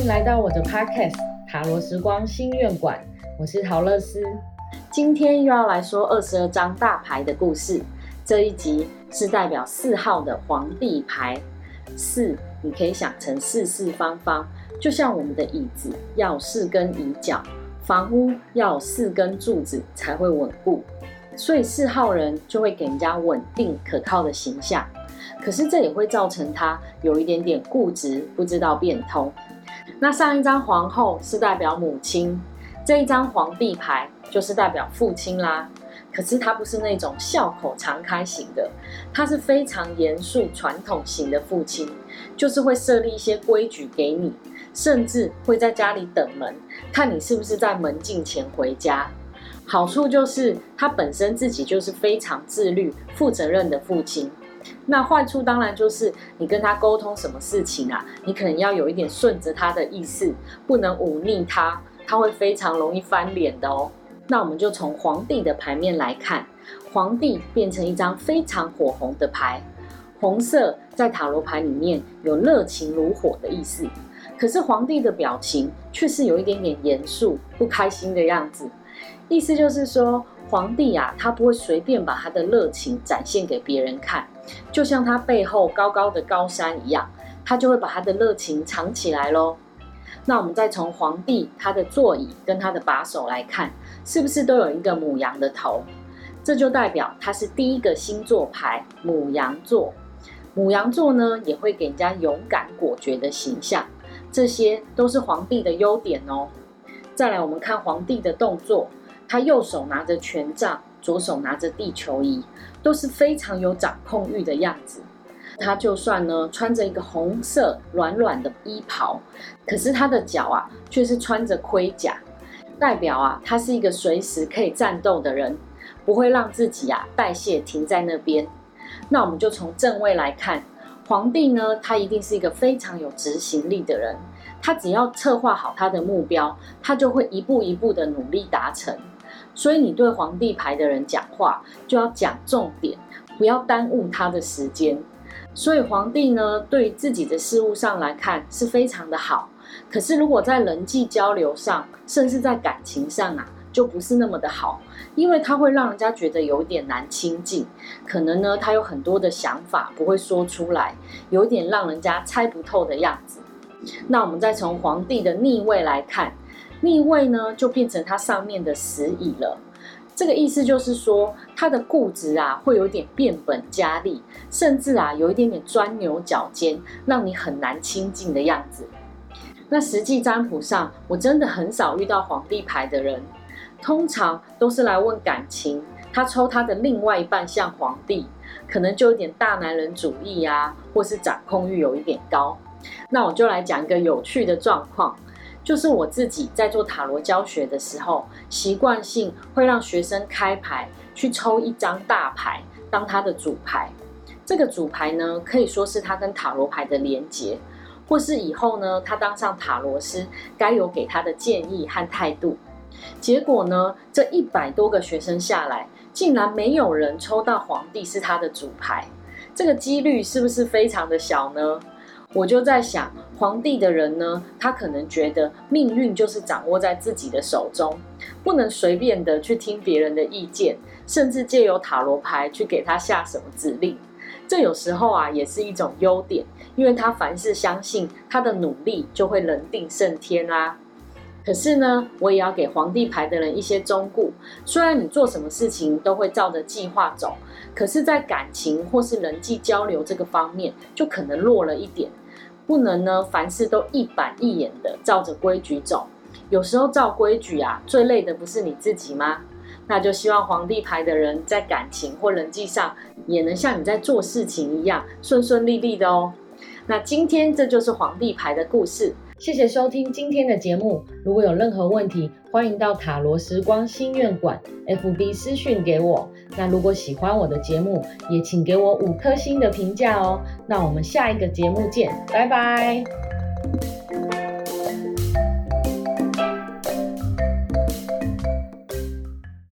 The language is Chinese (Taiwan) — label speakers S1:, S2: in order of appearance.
S1: 歡迎來到我的 podcast 塔羅食光心願館，我是桃樂絲。今天又要來說二十二張大牌的故事。這一集是代表四號的皇帝牌。四，你可以想成四四方方，就像我們的椅子要四根椅腳，房屋要四根柱子才會穩固。所以四號人就會給人家穩定可靠的形象，可是這也會造成他有一點點固執，不知道變通。那上一張皇後是代表母親，這一張皇帝牌就是代表父親啦。可是他不是那種笑口常開型的，他是非常嚴肅傳統型的父親，就是會設立一些規矩給你，甚至會在家裡等門，看你是不是在門禁前回家。好處就是他本身自己就是非常自律、負責任的父親。那壞處當然就是你跟他溝通什麼事情啊，你可能要有一點順着他的意思，不能忤逆他，他會非常容易翻臉的哦。那我們就從皇帝的牌面來看，皇帝變成一張非常火紅的牌，紅色在塔羅牌裡面有熱情如火的意思，可是皇帝的表情卻是有一點點嚴肅不開心的樣子，意思就是說。皇帝啊，他不會隨便把他的熱情展現給別人看，就像他背後高高的高山一樣，他就會把他的熱情藏起來嘍。那我們再從皇帝他的座椅跟他的把手來看，是不是都有一個牡羊的頭？這就代表他是第一個星座牌，牡羊座。牡羊座呢，也會給人家勇敢果決的形象，這些都是皇帝的優點哦。再來，我們看皇帝的動作。他右手拿着權杖，左手拿着地球儀，都是非常有掌控欲的樣子。他就算呢穿着一個紅色軟軟的衣袍，可是他的腳啊卻是穿着盔甲，代表啊他是一個隨時可以戰鬥的人，不會讓自己啊代謝停在那邊。那我們就從正位來看，皇帝呢，他一定是一個非常有執行力的人，他只要策劃好他的目標，他就會一步一步的努力達成。所以你對皇帝牌的人講話，就要講重點，不要耽誤他的時間。所以皇帝呢，對於自己的事物上來看是非常的好，可是如果在人際交流上，甚至在感情上啊，就不是那麼的好，因為他會讓人家覺得有點難親近，可能呢，他有很多的想法不會說出來，有點讓人家猜不透的樣子。那我們再從皇帝的逆位來看。逆位呢，就變成它上面的石椅了。這個意思就是說，他的固執啊，會有點變本加厲，甚至啊，有一點點鑽牛角尖，讓你很難親近的樣子。那實際占卜上，我真的很少遇到皇帝牌的人，通常都是來問感情，他抽他的另外一半像皇帝，可能就有點大男人主義啊，或是掌控欲有一點高。那我就來講一個有趣的狀況。就是我自己在做塔羅教學的時候，習慣性會讓學生開牌去抽一張大牌當他的主牌。這個主牌呢，可以說是他跟塔羅牌的連接，或是以後呢他當上塔羅師該有給他的建議和態度。結果呢，這一百多個學生下來，竟然沒有人抽到皇帝是他的主牌，這個幾率是不是非常的小呢？我就在想，皇帝的人呢，他可能覺得命運就是掌握在自己的手中，不能隨便的去聽別人的意見，甚至借由塔羅牌去給他下什麼指令。這有時候啊，也是一種優點，因為他凡事相信他的努力就會人定勝天啦、啊。可是呢，我也要給皇帝牌的人一些忠告，雖然你做什麼事情都會照着計劃走，可是，在感情或是人際交流這個方面，就可能弱了一點。不能呢，凡事都一板一眼的照着規矩走。有時候照規矩啊，最累的不是你自己嗎？那就希望皇帝牌的人在感情或人際上，也能像你在做事情一樣順順利利的哦。那今天這就是皇帝牌的故事。謝謝收聽今天的節目。如果有任何問題，歡迎到塔羅食光心願館 FB 私訊給我。那如果喜歡我的節目，也請給我五顆星的評價哦。那我們下一個節目見，拜拜。